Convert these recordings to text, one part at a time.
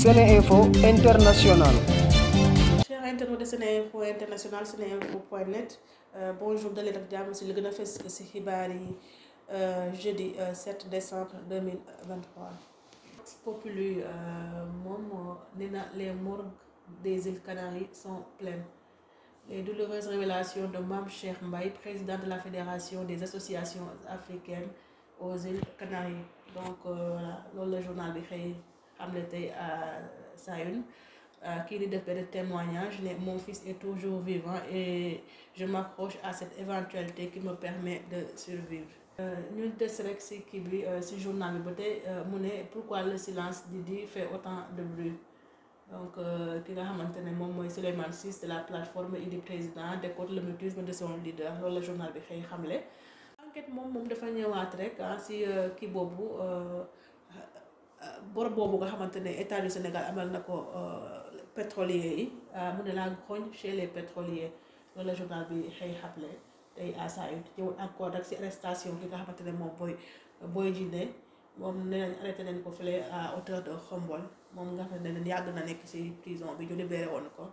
Seneinfo International. Chers internautes de Seneinfo International seneinfo.net euh, bonjour dalee ak jàmm ci li gën a fës ci xibaar yi euh, jeudi euh, 7 décembre 2023. Vox Populi euh, moom nee na les morgues des îles Canaries sont pleines. Les douloureuses révélations de Mame Cheikh Mbaye, président de la Fédération des associations africaines aux îles Canaries. Donc euh, voilà, loolu la journal bi xëy xam ne tey euh, Sayun euh, kii di def benn témoignage ne mon fils est toujours vivant et je m'accroche à cette éventualité qui me permet de survivre euh, ñu des rek ci kii bi ci journal bi ba tey mu ne pourquoi le silence di di fait autant de bruit donc ki nga xamante ne moom mooy Souleymane Ciss de la plateforme Idy Président décode le mutisme de son leader loolu journal bi xëy xamle enquête moom moom dafa ñëwaat rek ah ci kii boobu bor boobu nga xamante ne état du Sénégal amal na ko euh, pétrolier yi euh, mu ne la grogne chez les pétroliers loolu la journal bi xëy xamle tey asa yu ñëwul encore rek si arrestation ki nga xamante ne moom booy booy jinne moom nee nañ arrêté nañ ko fële a hauteur de Khombole moom nga xam ne ne yàgg na nekk si prison bi ñu libéré woon ko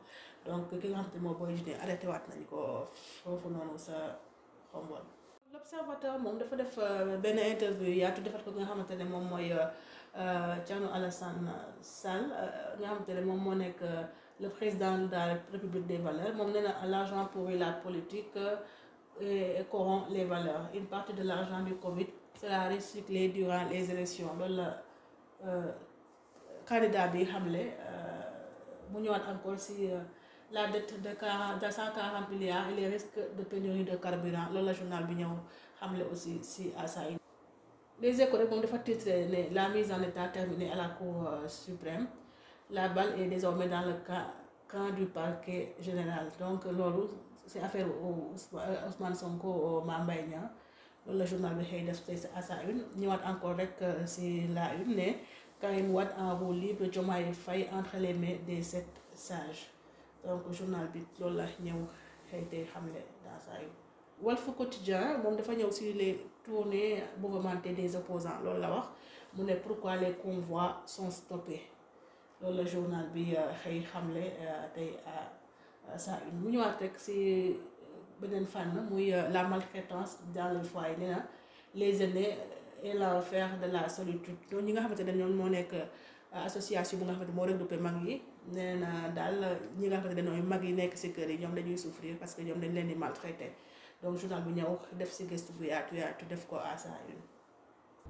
donc ki nga xamante ne moom booy jinne arrêté waat nañ ko foofu noonu sa Khombole l'observateur moom dafa def euh, benn interview yaatu defar ko nga xamante ne moom mooy euh, euh, Thierno Alassane Sall nga xamante ne moom moo nekk le président daal la République des valeur moom nee na l'argent pourrit la politique et corrompt les valeurs une partie de l'argent du Covid sera recyclé durant les élections loolu la candidat bi xamle mu ñëwaat encore si la dette de quarante de cent quarante milliards et les de pénurie de carburant loolu la journal bi ñëw xamle aussi si asa yi les échos rek moom dafa titre ne la mise en état terminée à la cour euh, suprême la balle est désormais dans le camp du parquet général donc loolu c'est affaire euh, Ousmane Sonko Mame Mbaye Niang loolu la journal bi xëy def tey asa une ñëwaat encore rek euh, si la une ne Karim Wade en roue libre Diomaye Faye entre les mains des sept sages donc journal bi loolu la ñëw xëy tey xamle daa saa yu Walf Quotidien moom dafa ñëw sur les tournées mouvementées des opposants loolu la wax mu ne pourquoi les convois sont stoppés loolu la journal bi euh, xëy xamle euh, tey sa une mu ñëwaat rek si euh, beneen fànn muy la maltraitance dans le foyer nee na les aînés et l'enfer de la solitude ñooñu ñi nga xamante ne ñoom moo nekk. Euh, association bu nga xamante moo regroupé mag yi nee daal ñi nga xamante ne mag yi nekk ci kër yi ñoom dañuy souffrir parce que ñoom dañ leen di maltraité donc journal bu ñëw def ci gëstu bu yaatu yaatu def ko à sa une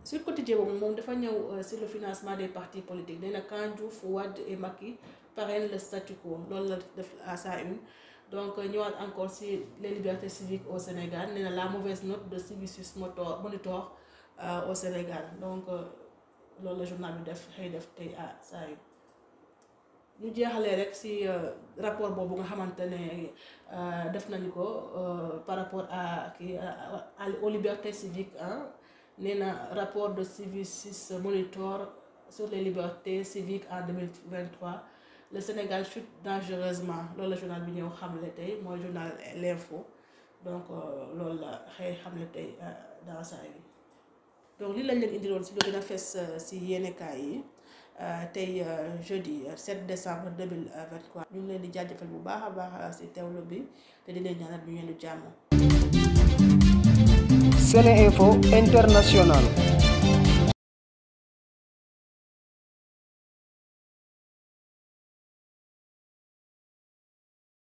sur quotidien boobu moom dafa ñëw euh, sur le financement des partis politiques nee na Kandji Diouf Wade et Macky parrainent le statu quo loolu la def à sa une donc euh, ñëwaat encore ci les libertés civiques au Sénégal nee na la mauvaise note de Civicus Monitor au Sénégal donc. loolu la journal bi def xëy def tey à saa yu ñu jeexalee rek ci euh, rapport boobu nga xamante ne euh, def nañu ko euh, par rapport à kii aux libertés civiques nee na rapport de Civicis Monitor sur les libertés civiques en 2023 le Sénégal chute dangereusement loolu la journal bi ñëw xamle tey mooy journal l'info donc loolu la xëy xamle tey dans saa yi donc li lañ leen indiloon si lu gën a fes si euh, yéenekaay yi euh, tey euh, jeudi 7 décembre 2023 ñu ngi leen di jaajëfal bu baax a baax si teewlu bi te di leen bi ñu ngeen di jàmm. Sene Info International.